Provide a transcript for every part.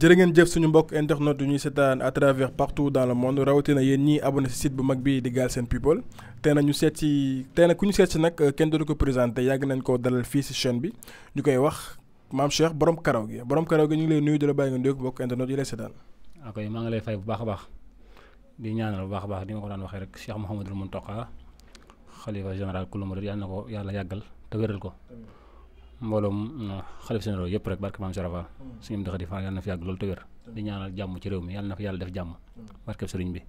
jërë ngeen jëf suñu mbokk internet yu ñuy seetaan à travers partout dans le monde rawatina yéen ñii abonné si site bu mag bi di Galsen People tey na ñu seet si tey na ku ñu seet si nag euh, kenn dootu ko présenté yàgg nañ ko dalal fii si chaîne bi ñu koy wax maam Cheikh borom karaw gi borom karaw gi ñu ngi lay nuyu di la bàyyi nga nuyu mbokk internet yi lay seetaan. maa ngi lay fay bu baax a baax di ñaanal bu baax baax di ma ko daan waxee rek Cheikh Mouhamadul Mountakha xalifa général kullu murid yàlla na ko yàlla yàggal te ko. mbooloom uh, xalif seen yëpp rek barke maam Serapha suñu daxa di faal yàlla na fi yàgg loolu te wér mm. di ñaanal jàmm ci réew mi yàlla na fi yàlla def jàmm mm. barke sëriñ bi mm.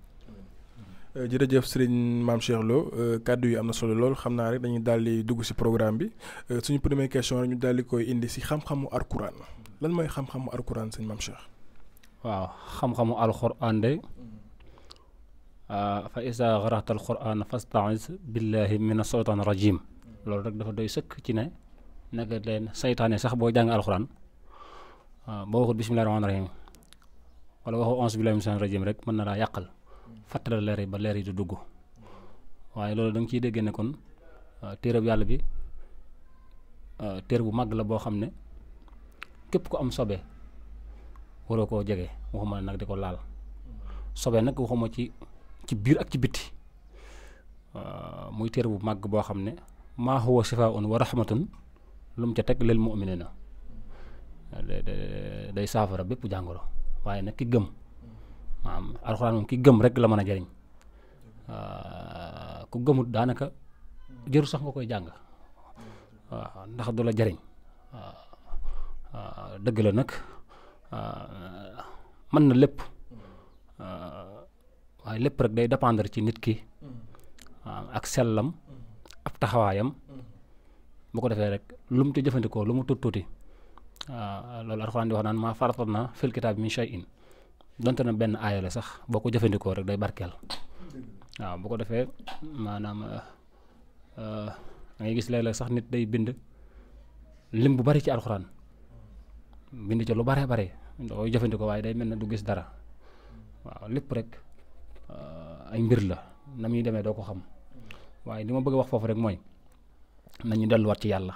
euh, jërëjëf sëriñ maam Cheikh Lo euh, kàddu yi am na solo lool xam naa rek dañuy daal di dugg si programme bi euh, suñu première question rek ñu daal di koy indi si xam-xamu alquran lan mooy xam-xamu alquran sëñ maam Cheikh. waaw xam-xamu alquran de fa isa xaraxta alquran fastaiz billahi mina shaytaan rajim loolu ci ne. nag seytaane sax boo jàng alxuraan boo waxut bisimilah rahmaani rahiim wala waxu onze billahi min rek mën na laa yàqal fàttali leer yi ba leer yi du dugg waaye loolu danga nga ciy déggee ne kon bu yàlla bi téere bu màgg la boo xam ne képp ku am sobe waroo koo jege waxuma nag di ko laal sobe nag waxuma ci ci biir ak ci bitti muy téere bu màgg boo xam ne maa huwa shifaa'un wa rahmatun lu mu ca teg lil na day saafara bépp jàngoro waaye nag ki gëm maanaam alxuraan moom ki gëm rek la mën a jariñ ku gëmut daanaka jëru sax nga koy jàng ndax du jariñ dëgg la nag mën na lépp waaye lépp rek day dépendre ci nit ki ak sellam ab taxawaayam bu ko defee rek lu mu ci jëfandikoo lu mu tuut tuuti ah, loolu alxuraan di wax naan maa faratat na fil kitaab min shay'in donte na benn aaya la sax boo ko jëfandikoo rek day barkeel waaw bu ko defee maanaam ah, ah, da ngay gis léeg-léeg sax nit day bind lim bu bari ci alxuraan bind ci lu bare bare da koy jëfandikoo waaye day mel na du gis dara waaw lépp rek ay mbir la na muy demee doo ko xam waaye li ma bëgg wax foofu rek mooy. nañu delluwaat ci yàlla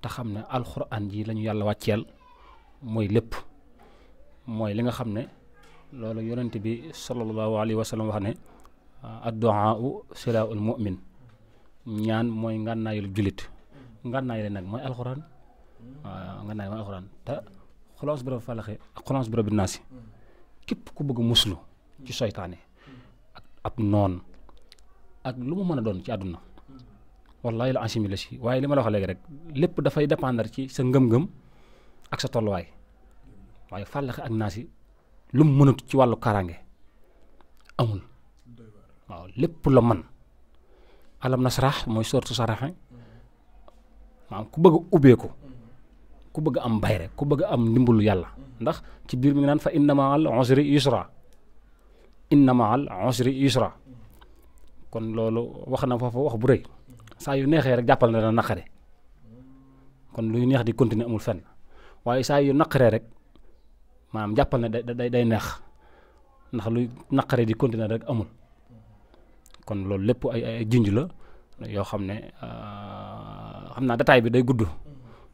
te xam ne alxuraan ji lañu yàlla wàcceel mooy lépp mooy li nga xam ne loolu yonent bi sallallahu alayhi wa sallam wax ne addu'a silaa'ul mu'min ñaan mooy ngànnaayul jullit ngànnaay la nag mooy alxuraan waaw ngànnaay mooy alxuraan te xulaas bi rabbil falax xulaas bi rabbin naas képp ku bëgg muslu ci soytaane ak ab noon ak lu mu mën a doon ci àdduna wallahi la enchimie la si waaye li ma la wax léegi rek lépp dafay dépendre ci sa ngëm-ngëm ak sa tolluwaay waaye fàllaxe ak naas yi lu mu mënatu ci wàllu kaaraange amul waaw lépp la man alam nasrah mooy sortu saraxe maam ku bëgg ubbeeku ku bëgg am bayre ku bëgg am ndimbalu yàlla ndax ci biir mi ngi naan fa inna ma al usri yusra inna kon loolu wax na foofu wax bu rëy saa yu neexee rek jàppal na la naqare kon luy neex di continuer amul fenn waaye saa yu naqaree rek maam jàppal na day day neex ndax luy naqare di continuer rek amul kon loolu lépp ay ay junj la yoo xam ne ah, xam naa détail bi day gudd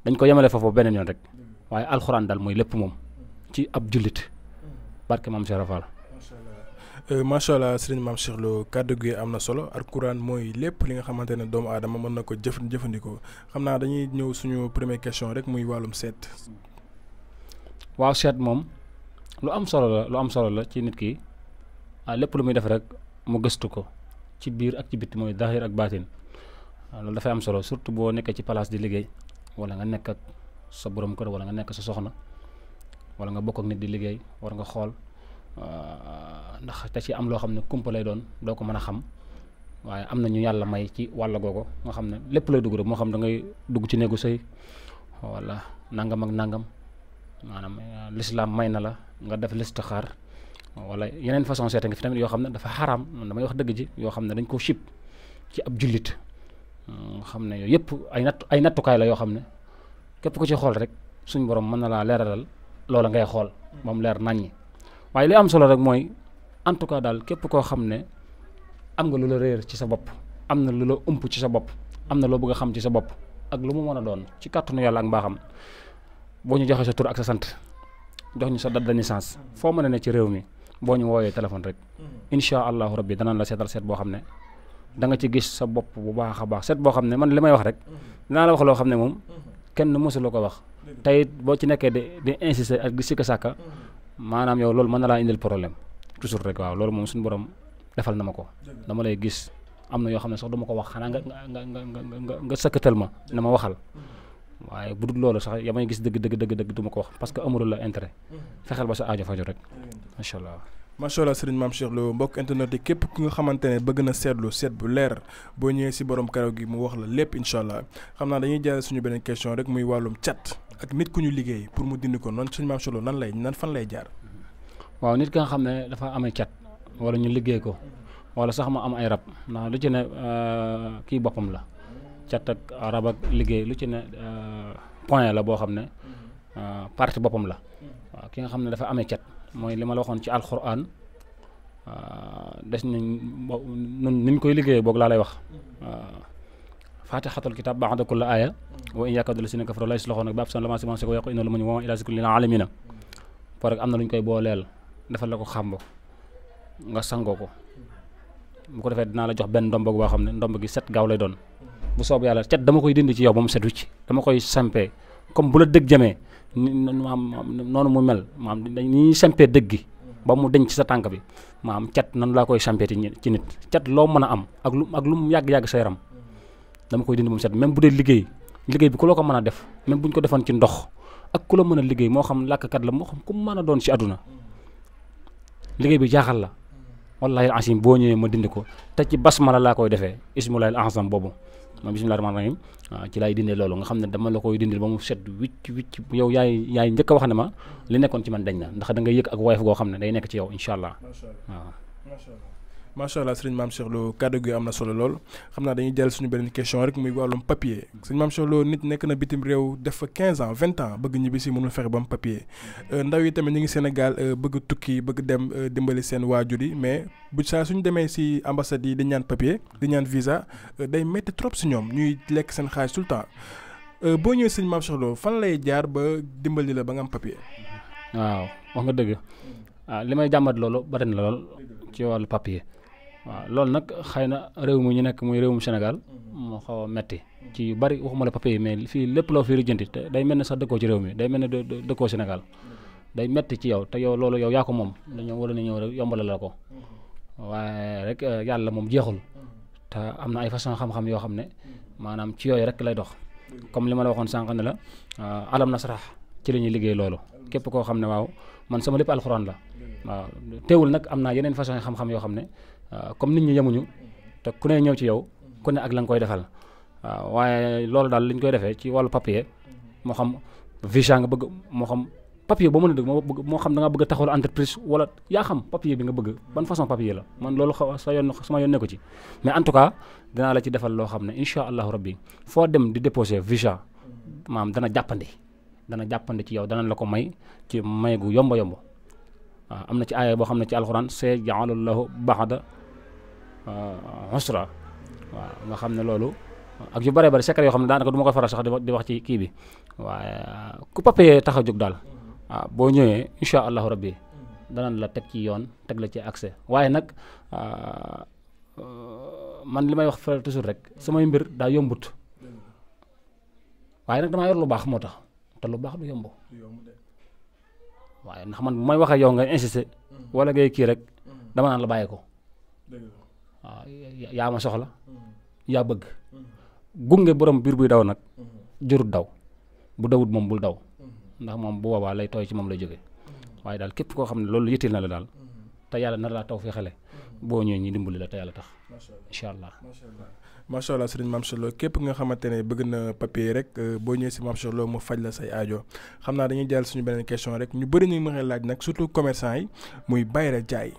dañ ko yemale foofu beneen yoon rek waaye alxuraan daal mooy lépp moom ci ab jullit barke maam Cheikh Rafal Euh, macha allah sëriñ maam Cheikh Lo kàddu gi am na solo alquran mooy lépp li nga xamante ne doomu aadama mën na ko jëf jëfandikoo xam naa dañuy ñëw suñu première question rek muy wàllum seet. waaw seet moom lu am solo la lu am solo la ci nit ki ah, lépp lu muy def rek mu gëstu ko ci biir ak ci bitti mooy daahir ak baatin ah, loolu dafay am solo surtout boo nekkee ci place di liggéey wala nga nekk ak sa borom kër wala nga nekk sa soxna wala nga bokk ak nit di liggéey war nga xool. Euh, ndax te si am loo xam ne kumpa lay doon doo ko mën a xam waaye am na ñu yàlla may ci wàll googu moo xam ne lépp lay dugg rek moo xam ne dangay dugg ci néegu sëy wala nangam ak nangam maanaam euh, lislaam may na la nga def listixaar wala yeneen façon seete nga fi tamit yoo xam ne dafa xaraam man damay wax dëgg ji yoo xam ne dañ koo sib ci ab jullit xam ne yooyu yëpp ay natt ay nattukaay la yoo xam ne képp ku ci xool rek suñ borom mën na laa leeralal loola ngay xool moom leer naññi waaye li am solo rek mooy en tout cas daal képp koo xam ne am nga lu la réer ci sa bopp am na lu la ump ci sa bopp am na loo bëgg a xam ci sa bopp ak lu mu mën a doon ci kàttanu yàlla ak mbaaxam boo ñu joxee sa tur ak sa sant jox ñu sa date de naissance foo mën a ne ci réew mi boo ñu woowee téléphone rek incha allahu rabbi danañ la seetal seet boo xam ne da nga ci gis sa bopp bu baax a baax seet boo xam ne man li may wax rek dinaa la wax loo xam ne moom kenn mësu ko wax tey boo ci nekkee di di insister ak maanaam yow loolu mën na laa indil problème toujours rek loolu moom suñu borom defal na ma ko dama lay gis am na yoo xam ne sox dama ko wax xanaa nga nga nga nga nga sëkkatal ma na ma waxal mm. waaye bu dul loolu sax ya may gis dëgg dëgg dëgg dëgg du ma ko wax parce que amulul la intérêt mm. fexeel ba sa aajo faju rek macha allah. macha allah sëriñ maam Cheikh Lo mbokk internet yi képp ku nga xamante ne bëgg na seetlu seet bu leer boo ñëwee si borom karaw gi mu wax la lépp incha allah xam naa dañuy jaare suñu beneen question rek muy wàllum cat. ak nit ku ñu liggéey pour mu dindi ko noonu suñu maam solo nan lay nan fan lay jaar. waaw nit ki nga xam ne dafa ame cat wala ñu liggéey ko wala sax ma am ay rab ndax lu ci ne euh, kii boppam la cat ak rab ak liggéey lu ci ne euh, point la boo xam ne euh, partie boppam la ki nga xam ne dafa ame cat mooy li ma la waxoon ci alxuraan des nañ nu niñ koy liggéeyee boog laa lay wax faatixatul kitaab ba'da kulli aaya wa in yaakaar dala si ne kafaro lay si loxoon nag bàpp san la ma koy booleel defal la ko xàmb nga sangoo ko bu ko defee dinaa la jox benn ndomb boo xam ne ndomb gi set gaaw lay doon bu soob yàlla cet dama koy dindi ci yow ba mu set wicc dama koy sampee comme bu la dëgg jamee maam noonu mu mel maam ni ñuy sampee dëgg gi ba mu deñ ci sa tànk bi maam cet nan laa koy sampee ci nit cet loo mën a am ak lu ak lu mu yàgg-yàgg sa yaram dama koy dindi mu set même bu dee liggéey liggéey bi ku la ko mën a def même bu ñu ko defoon ci ndox ak ku la mën a liggéey moo xam kat la moo xam ku mën a doon ci àdduna liggéey bi jaaxal la wallahi asim boo ñëwee ma dindi ko te ci basmala laa koy defee ismulahil ahsam boobu mooy bismillahi rahmaani rahim waaw ci laay dindee loolu nga xam ne dama la koy dindi ba mu set wicc wicc yow yaay yaay njëkk wax ne ma li nekkoon ci man dañ na ndax da nga yëg ak woyof goo xam ne day nekk ci yaw incha allah waaw macha allah sëriñ maam Cheikh Lo kàddu gi am na solo lool xam naa dañuy jël suñu beneen question rek muy wàllum papier sëriñ maam Cheikh Lo nit nekk na bitim réew def fa 15 ans vingt ans bëgg ñibbi si mënul fexe ba am papier euh, ndaw yi tamit ñu ngi Sénégal euh, bëgg tukki bëgg dem euh, dimbali seen waajur yi mais bu saa suñ demee si ambassade yi di ñaan papier di ñaan visa day métti trop si ñoom ñuy lekk seen xaalis tout temps boo ñëwee sëriñ maam Cheikh fan lay jaar ba dimbali la ba am papier. waaw wax nga dëgg ah, li may jàmbat loolu bari na ci wàllu papier. waaw loolu nag xëy na réew mi ñu nekk muy réewum Sénégal mm-hmm. moo xaw a metti mm-hmm. ci yu bari waxuma la papier yi mais fii lépp loo fi lijjanti te day mel ne sax dëkkoo ci réew mi day mel ne dëkkoo Sénégal mm-hmm. day metti ci yow te yow loolu yow yaa ko moom dañoo war a ñëw rek yombale la ko waaye eh, moom jeexul te am na ay façon xam yoo xam ne maanaam ci yooyu rek lay dox comme li ma la waxoon sànq ne la ah, alam nasrah ci la ñuy liggéey loolu képp koo xam ne waaw man sama lépp alxuraan la waaw teewul nag am naa yeneen façon xam-xam yoo xam ne comme nit ñi yemuñu te ku ne ñëw ci yow ku ne ak la nga koy defal waaye loolu daal li ñu koy defee ci wàllu papier moo xam visa nga bëgg moo xam papier boo mën a dëgg moo bëgg moo xam da nga bëgg taxul taxawal entreprise wala yaa xam papier bi nga bëgg ban façon papier la man loolu xaw sa yoon ma yoon ne ko ci mais en tout cas dinaa la ci defal loo xam ne incha allahu rabbi foo dem di déposer visa maam dana jàppandi dana jàppandi ci yow dana la ko may ci may gu yomba yomba waaw ah, am na ci aaya boo xam ne ci alxuraan see jaalallahu baxda ah, usra nga xam ne loolu ak yu bare bari secret yoo xam ne daanaka du ma koy faral sax di wax ci kii bi waaye ku papier tax a jóg daal ah, boo ñëwee incha allahu rabbi danañ la teg ci yoon teg la ci accès waaye nag man li may wax faral toujours rek samay mbir daa yombut waaye nag damaa yor lu baax moo tax te lu baax du yomb waaye ndax man bu may waxee yow nga insisté mm-hmm. wala ngay kii rek mm-hmm. dama naan la bàyyi ko yaa ma soxla mm-hmm. yaa bëgg gunge borom biir buy daw nag jurut daw bu dawut moom bul daw ndax moom bu boobaa lay tooy ci moom lay jóge waaye daal képp koo xam ne loolu yittil na la daal te yàlla na laa taw fi xale boo ñëwee ñi dimbali la te yàlla tax incha allah ma macha allah sëriñ Mame Cheikh Lo képp nga xamante ne bëgg na papier rek euh, boo ñëwee si Mame Cheikh Lo mu faj la say ajo xam naa dañuy jàll suñu beneen question rek ñu bari ñu ngi laaj nag surtout commerçant yi muy bayre jaay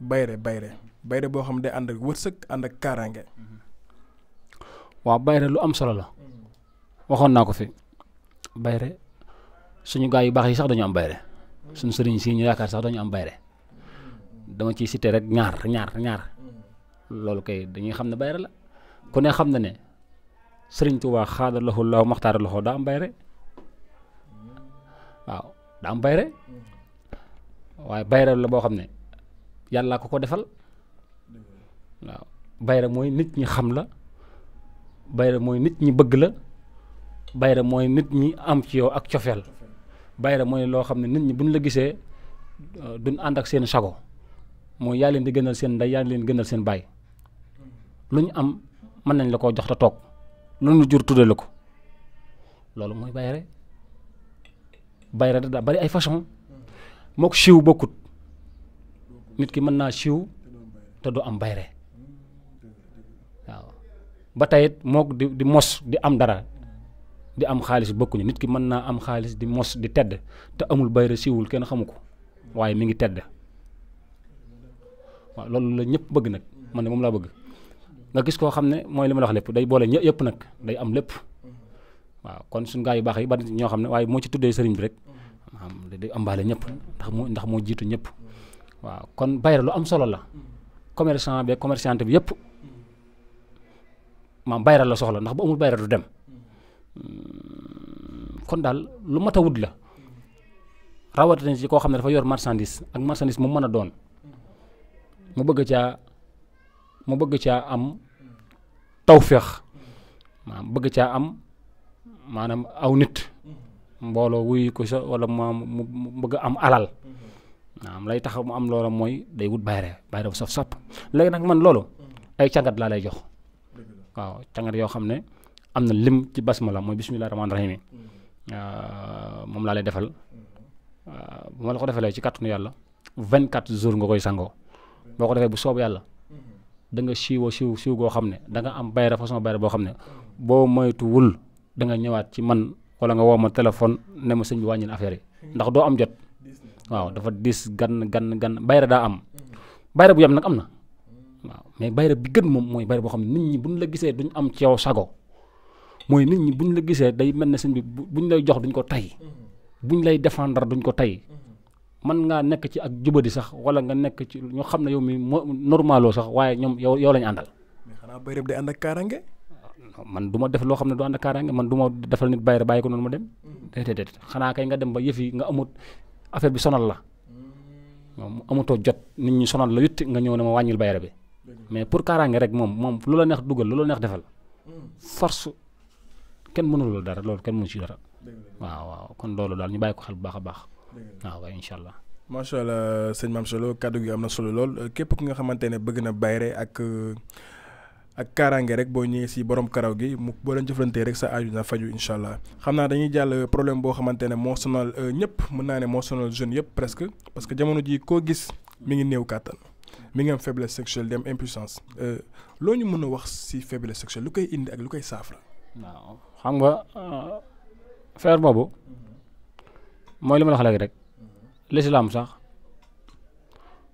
bayre bayre bayre boo xam ne day ànd ak wërsëg ànd ak kaaraange. Mm-hmm. waaw bayre lu am solo la. waxoon naa ko fi bayre suñu gaay yu baax yi sax dañu am bayre suñu sëriñ si ñu yaakaar sax dañu am bayre dama ciy cité rek ñaar ñaar mm-hmm. loolu kay dañuy ku ne xam na ne sëriñ Tuubaa xaada loxo law maxtaara loxo daa am bayre waaw daa am bayre waaye bayre la boo xam ne yàlla ko ko defal waaw bayre mooy nit ñi xam la bayre mooy nit ñi bëgg la bayre mooy nit ñi am ci yow ak cofeel bayre mooy loo xam ne nit ñi buñ la gisee euh, duñ ànd ak seen sago mooy yaa leen di gënal seen ndey yaa leen gënal seen baay lu ñu am mën nañ la koo jox te toog lu nu jur tuddee ko loolu mooy bayre bayre da daa bari ay façon mook ko siiw bokkut nit ki mën naa siw te du am bayre waaw ba tayit mook di mos di am dara di am xaalis bokkuñu nit ki mën naa am xaalis di mos di tedd te amul bayre siwul kenn xamu ko waaye mi ngi tedd waaw loolu la ñëpp bëgg nag man ne moom laa bëgg nga gis koo xam ne mooy li ma la wax lépp day boole ñë yëpp nag day am lépp waaw kon suñu gaa yu baax yi bari ñoo xam ne waaye moo ci tuddee sëriñ bi rek day ambaale ñëpp ndax moo ndax moo jiitu ñëpp waaw kon bayra lu am solo la commerçant bi commerçante bi yëpp maam bayra la soxla ndax bu amul bayra du dem hmm, kon daal lu mat a wut la rawatina ci koo xam ne dafa yor marchandise ak marchandise mu mën a doon mu bëgg caa mu bëgg caa am tawféex maanaam bëgg caa am maanaam aw nit mbooloo wuy ko sa wala mu bëgg am alal maanaam lay tax mu am loola mooy day wut bayre bayre bu saf sap léegi nag man loolu ay càngat laa lay jox waaw cangat yoo xam ne am na lim ci basmala mooy bisimilah rahmaani rahiim moom laa lay defal bu la ko defalee ci kàttanu yàlla 24 jours nga koy sangoo boo ko defee bu soob yàlla. da nga siiwoo siiw siiw goo xam ne da nga am bayra façon bayra boo xam ne boo moytuwul da nga ñëwaat ci man wala nga woo ma téléphone ne ma sëñ bi wàññil affaire yi ndax doo am jot waaw dafa dis gan gan gan bayra daa am bayra bu yam nag am na waaw mais bayra bi gën moom mooy bayra boo xam ne nit ñi buñ la gisee duñ am ceew sago mooy nit ñi buñ la gisee day mel na sëñ bi buñ lay jox duñ ko tay buñ lay défendre duñ ko tay man ngaa nekk ci ak jubadi sax wala nga nekk ci ñu xam ne yow mi normaloo sax waaye ñoom yow yow lañu àndal. mais xanaa bayreeb day ànd ak kaaraange. Ah, man du ma def loo xam ne du ànd ak kaaraange man du defal nit bayre bàyyi ko noonu ma dem. Mm-hmm. déedéet xanaa kay nga dem ba yëf yi nga amut affaire bi sonal la. Mm-hmm. moom amutoo jot nit ñi sonal la witt nga ñëw ne ma wàññil bayre bi. mais pour kaaraange rek moom moom lu la neex dugal lu la neex defal. Mm. force kenn mënul dara loolu kenn mënu si dara. waaw waaw kon loolu daal ñu bàyyi ko xel bu baax a baax. Ah, waaw waaye incha allah. macha allah sëñ Mame Solo kàddu gi am na solo lool képp ki nga xamante ne bëgg na bayre ak ak kaaraange rek boo ñëwee si borom karaw gi mu boo leen jëflantee rek sa aaju na faju incha xam naa dañuy jàll problème boo xamante ne moo sonal euh, ñëpp mën naa ne moo sonal jeunes yëpp presque parce que jamono ji koo gis mi ngi néew kàttan mi ngi am faiblesse sexuelle di am impuissance euh, loo ñu mun a wax si faiblesse sexuelle lu koy indi ak lu koy saafara. waaw xam nga euh, boobu. mooy li ma la rek lislaam sax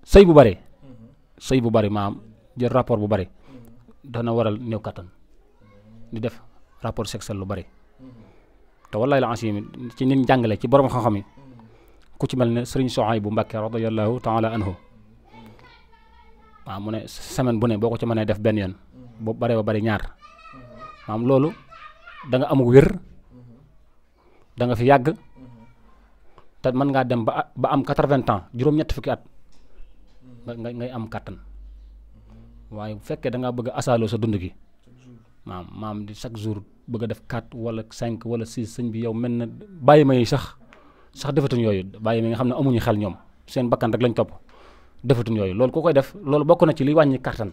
sëy bu bari sëy bu bari maam jël rapport bu bari dana waral néew kattan di def rapport sexuel lu bari te wallaay la ancien ci nit jàngale ci borom xam-xam yi ku ci mel ne sëriñ Soxaay bu Mbàkke radiyallahu taala anhu waaw mu ne semaine bu ne boo ko ci mënee def benn yoon boo bare ba bari ñaar maam loolu da nga am wér da fi yàgg te mën ngaa dem ba ba am quatre-vingts ans juróom-ñett fukki at nga ngay am kàttan waaye bu fekkee da ngaa bëgg a sa dund gi maam maam di chaque jour bëgg def quatre wala cinq wala six sëñ bi yow mel na bàyyi ma yi sax sax defatuñ yooyu bàyyi ma nga xam ne amuñu xel ñoom seen bakkan rek lañ topp defatuñ yooyu loolu ku koy def loolu bokk na ci liy wàññi kàttan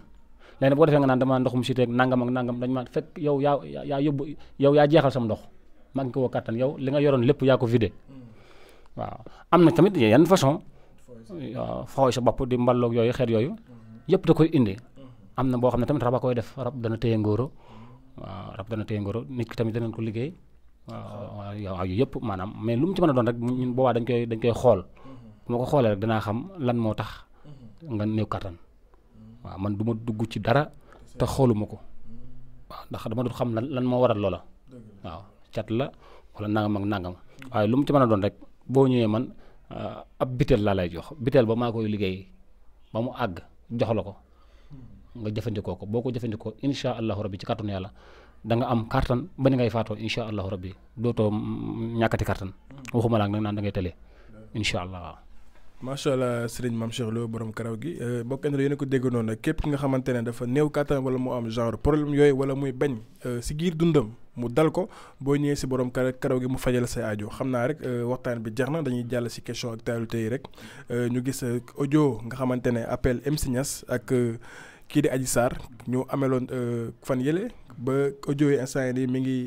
léegi boo defee nga naan dama ndoxum siteeg nangam ak nangam dañ ma fekk yow ya yaa yóbbu yow yaa jeexal sam ndox maa ko woo yow li nga yoroon lépp yaa ko vidé waaw am na tamit yenn façon waaw fooy sa bopp di mballoog yooyu xeet yooyu yëpp da koy indi am na boo xam ne tamit rab a koy def rab dana téye ngóoro waaw rab dana téye ngóoro nit ki tamit danañ ko liggéey waaw yëpp maanaam mais lu mu ci mën a doon rek ñun boobaa dañ koy dañ koy xool ko xoolee danaa xam lan moo tax nga néew kattan waaw man du ma dugg ci dara te xooluma ko ndax dama xam lan lan moo waral loola waaw la wala nangam ak nangam waaye lu mu ci mën a doon rek boo ñëwee man ah, ab biteel laa lay jox biteel ba maa koy liggéey ba mu àgg jox la ko nga jëfandikoo ko boo ko jëfandikoo incha allahu rabbi ci kàttanu yàlla da nga am kàttan ba ni ngay incha allahu rabbi dootoo ñàkkati kàttan waxuma laa nag naan da ngay tëlee incha allah. macha allah sëriñ maam Cheikh Lo borom karaw gi eh, bokk na yéen ko dégg noonu képp ki nga xamante ne dafa new kàttan wala mu am genre problème yooyu wala muy bañ eh, si giir dundam mu dal ko boo ñëwee si borom karaw karaw gi mu fajal say ajo xam naa rek euh, waxtaan bi jeex na dañuy jàll si question actualité yi rek euh, ñu gis euh, audio nga xamante ne appel MC ak kii di Adji Sarr ñu ameloon fan yële ba audio yi instant yi mi ngi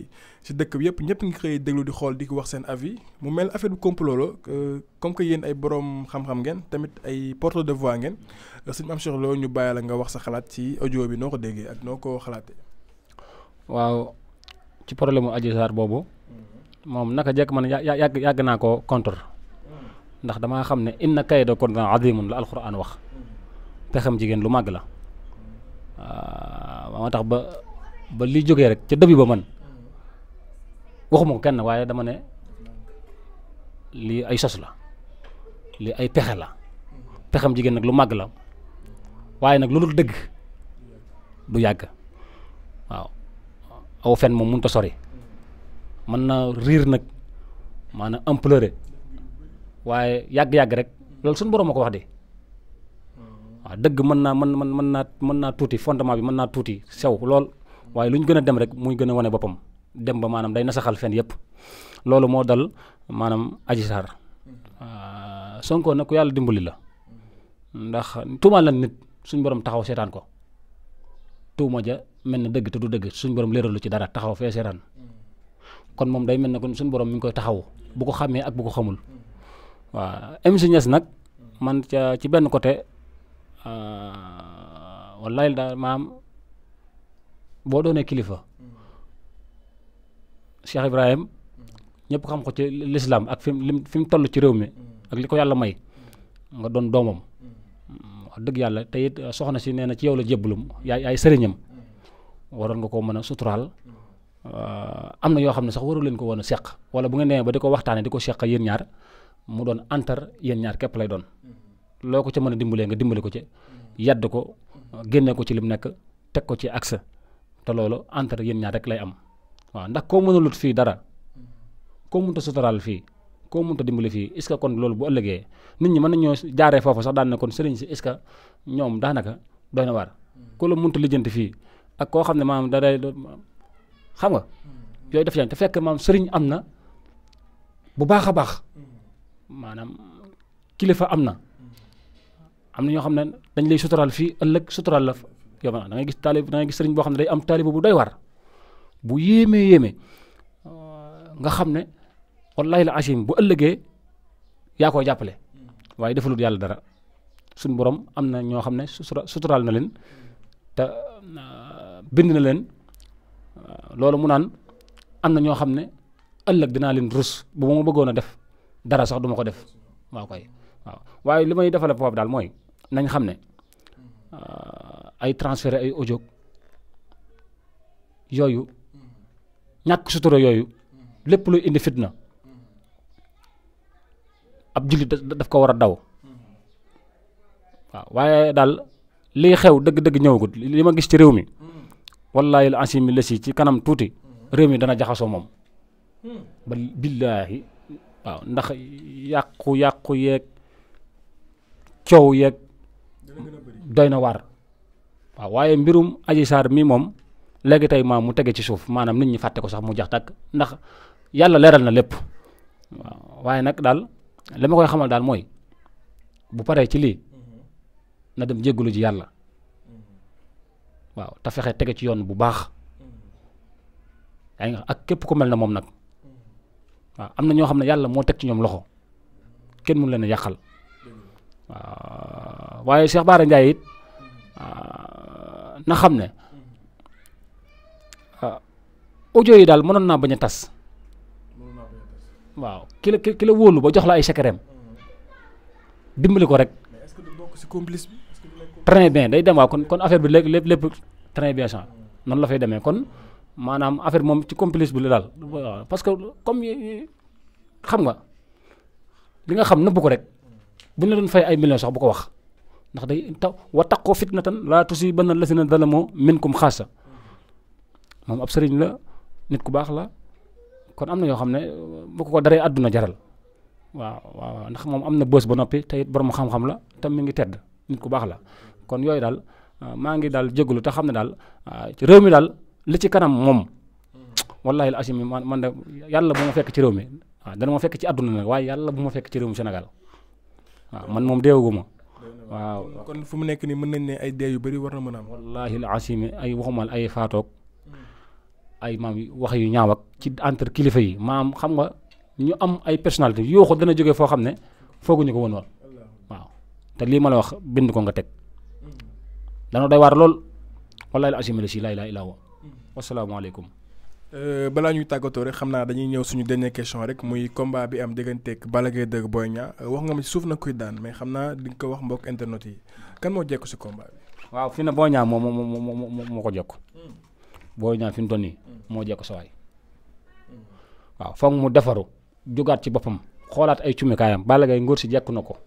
si dëkk bi yëpp ñëpp ngi xëy déglu di xool di wax seen avis mu mel affaire bu complot la comme que yéen ay boroom xam-xam ngeen tamit ay porte de voix ngeen suñu am soxla ñu bàyyi la nga wax sa xalaat ci ajo bi noo ko déggee ak noo ko xalaatee. ci problème mu boobu moom naka jekk man yàgg yàgg naa ko contre ndax damaa xam ne inna kayda kunna azimun la alxuraan wax pexem jigéen lu màgg la tax ba li jógee rek ca début ba man waxuma ko waaye dama ne lii ay sos la ay pexe la pexem jigéen nag lu màgg la waaye nag lu dul dëgg du yàgg aw fen moom mënut a sori mën na riir nag maanaam am waaye yàgg-yàgg rek loolu suñ borom a ko wax de waaw dëgg mën naa mën mën mën naa mën naa tuuti fondement bi mën naa tuuti sew lool waaye lu ñu gën a dem rek muy gën a wane boppam dem ba maanaam day nasaxal fen yëpp loolu moo dal maanaam Adji Sarr Sonko nag ku yàlla dimbali la ndax tuumaal na nit suñ borom taxaw seetaan ko tuuma ja mel na dëgg te du dëgg suñ borom leeralu ci dara taxaw fee seeraan kon moom day mel ne kon suñ borom mi ngi koy taxaw bu ko xamee ak bu ko xamul waaw MC Niass nag man ca ci benn côté ah, wallaay maam boo doonee kilifa Cheikh Ibrahim ñëpp xam ko ci lislaam ak fi mu fi mu toll ci réew mi ak li ko yàlla may nga doon doomam dëgg yàlla te it soxna si nee na ci yow la jébbalum yaay yaay sëriñam waroon nga koo mën a suturaal euh, am na yoo xam ne sax waru leen ko woon a seq wala bu nga demee ba di ko waxtaanee di ko seq yéen ñaar mu doon antar yéen ñaar képp lay doon loo ko ca mën a dimbalee nga dimbali ko ca yadd ko génne ko ci mu nekk teg ko ci accès te loolu entre yéen ñaar rek lay am waaw ndax koo mënulut fii dara koo mënut a suturaal fii koo mënut a dimbali fii est kon loolu bu ëllëgee nit ñi mën nañoo jaaree foofu sax daan na kon sëriñ si est ce que ñoom daanaka doy na ak koo xam ne maam da day xam nga hmm. yooyu daf te fekk maam sëriñ am na bu baax a baax hmm. maanaam kilifa am na hmm. am na ñoo xam ne dañ lay suturaal fii ëllëg suturaal la yow da ngay gis taalib sëriñ boo xam ne day am taalib bu doy war bu yéeme nga xam ne wallaahi la asim bu ëllëgee yaa koy jàppale waaye defalut yàlla dara suñ borom am na ñoo xam ne suturaal na leen bind na leen loolu mu naan am na ñoo xam ne ëllëg dinaa leen rus bu ma bëggoon a def dara sax duma ko def waaw koy waaw waaye li may defale foofu daal mooy nañ xam ne euh, ay transféré ay audio yooyu ñàkk sutura yooyu lépp luy indi fitna ab jullit daf ko war a daw waaw waaye daal liy xew dëgg-dëgg ñëwagut li ma gis ci réew mi wallaahi al asimi la si ci kanam tuuti hmm. réew mi dana jaxasoo moom hmm. ba billaahi waaw ndax yàqu yàqu yeeg coow yeeg doy na waar waaw waaye mbirum aji saar mi moom léegi tey maam mu tege ci suuf maanaam nit ñi fàtte ko sax mu jax tàkk ndax yàlla leeral na lépp waaw waaye nag daal li ma koy xamal daal mooy bu paree ci lii hmm. na dem jéggulu ji yàlla waaw te fexe tege ci yoon bu baax yaa ngi ak képp ku mel na moom nag waaw am na ñoo xam ne yàlla moo teg ci ñoom loxo kenn mënu leen a yàqal waaw waaye Cheikh Bara Ndiaye it na xam ne ah, audio yi daal mënoon naa bañ a tas waaw ki la wóolu ba jox la ay secret dimbali ko rek. très day dem waaw kon affaire bi lépp lépp train bi agent nan la fay demee kon maanaam affaire moom ci complice bi la daal waaw parce que comme xam nga li nga xam nëbb ko rek bu ñu la fay ay millions sax bu ko wax ndax day taw wa taqoo fitnatan laa tusiibanna llazina zalamu minkum xaasa moom ab sëriñ la nit ku baax la kon am na yoo xam ne bu ko daree àdduna jaral waaw waaw ndax moom am na bës ba noppi te it borom xam-xam la tam mi ngi tedd nit ku baax la kon yooyu daal. Euh, maa ngi daal jégalu te xam ne daal euh, réew mi daal li ci kanam moom wallahi al asim man man de yàlla bu ma fekk ci réew mi waaw dana ma fekk ci àdduna nag bu ma fekk ci réew mi Sénégal waaw man moom deewaguma waaw kon fu mu nekk nii mën nañ ne ay dee yu bëri war na mën a am. ay waxumal ay faatoog ay maam wax yu ñaaw ak ci entre kilifa yi maam xam nga ñu am ay personnalité yoo ko dana jógee foo xam ne fooguñu ko woon woon waaw te lii ma la wax bind ko nga teg. danoo doy waar lool wallaahi la asimila si laa ilaaha illa huwa mm-hmm. wasalaamaaleykum euh, balaa ñuy tàggatoo rek xam naa dañuy ñëw suñu dernière question rek muy combat bi am digganteeg Balla Gaye 2 euh, wax nga ma si suuf na kuy daan mais xam naa dinga nga ko wax mbokk internet yi kan moo jekk si combat bi. waaw fi na Boy Niang moo moo moo moo ko jekku mm. Boy Niang fi mu mm. moo jekku sa waay mm. waaw foog mu defaru jugaat ci boppam xoolaat ay cumikaayam Balla Gaye si jekku na ko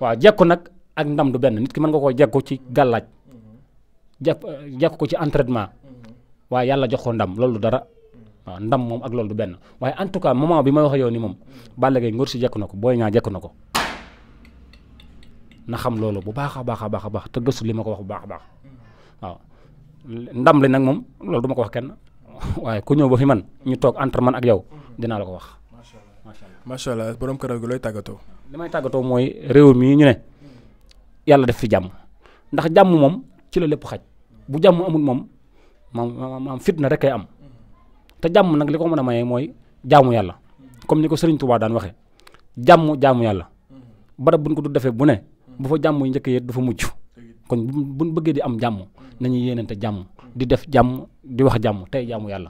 waaw jekku nag ak ndam du benn nit ki mën nga koo jekku ci gàllaaj jekk jekku ko ci entraînement mm-hmm. waaye yàlla jox ko ndam loolu dara mm-hmm. waa ndam moom ak loolu du benn waaye en tout cas bi may wax yow ni moom mm-hmm. Balla Gaye ngóor si jekku na ko xam loolu bu baax a baax a baax a baax te gëstu li ma ko wax bu baax a baax waaw ndam li nag moom loolu du ma ko wax kenn waaye ku ñëw ba fi man ñu toog entre man ak yow dinaa la ko wax. macha allah macha allah borom gi looy tàggatoo. li may tàggatoo mooy réew mi ñu ne. yàlla def fi jàmm ndax jàmm moom ci la lépp xaj bu jàmm amul moom maam maam fitna rek kay am te jàmm nag li ko mën a maye mooy jaamu yàlla comme ni ko Serigne Touba daan waxee jàmm jaamu yàlla barab buñ ko du defee bu ne bu fa jàmm yu njëkk yee du fa mujj kon buñ bëggee di am jàmm nañu yéenante jàmm di def jàmm di wax jàmm tey jàmm yàlla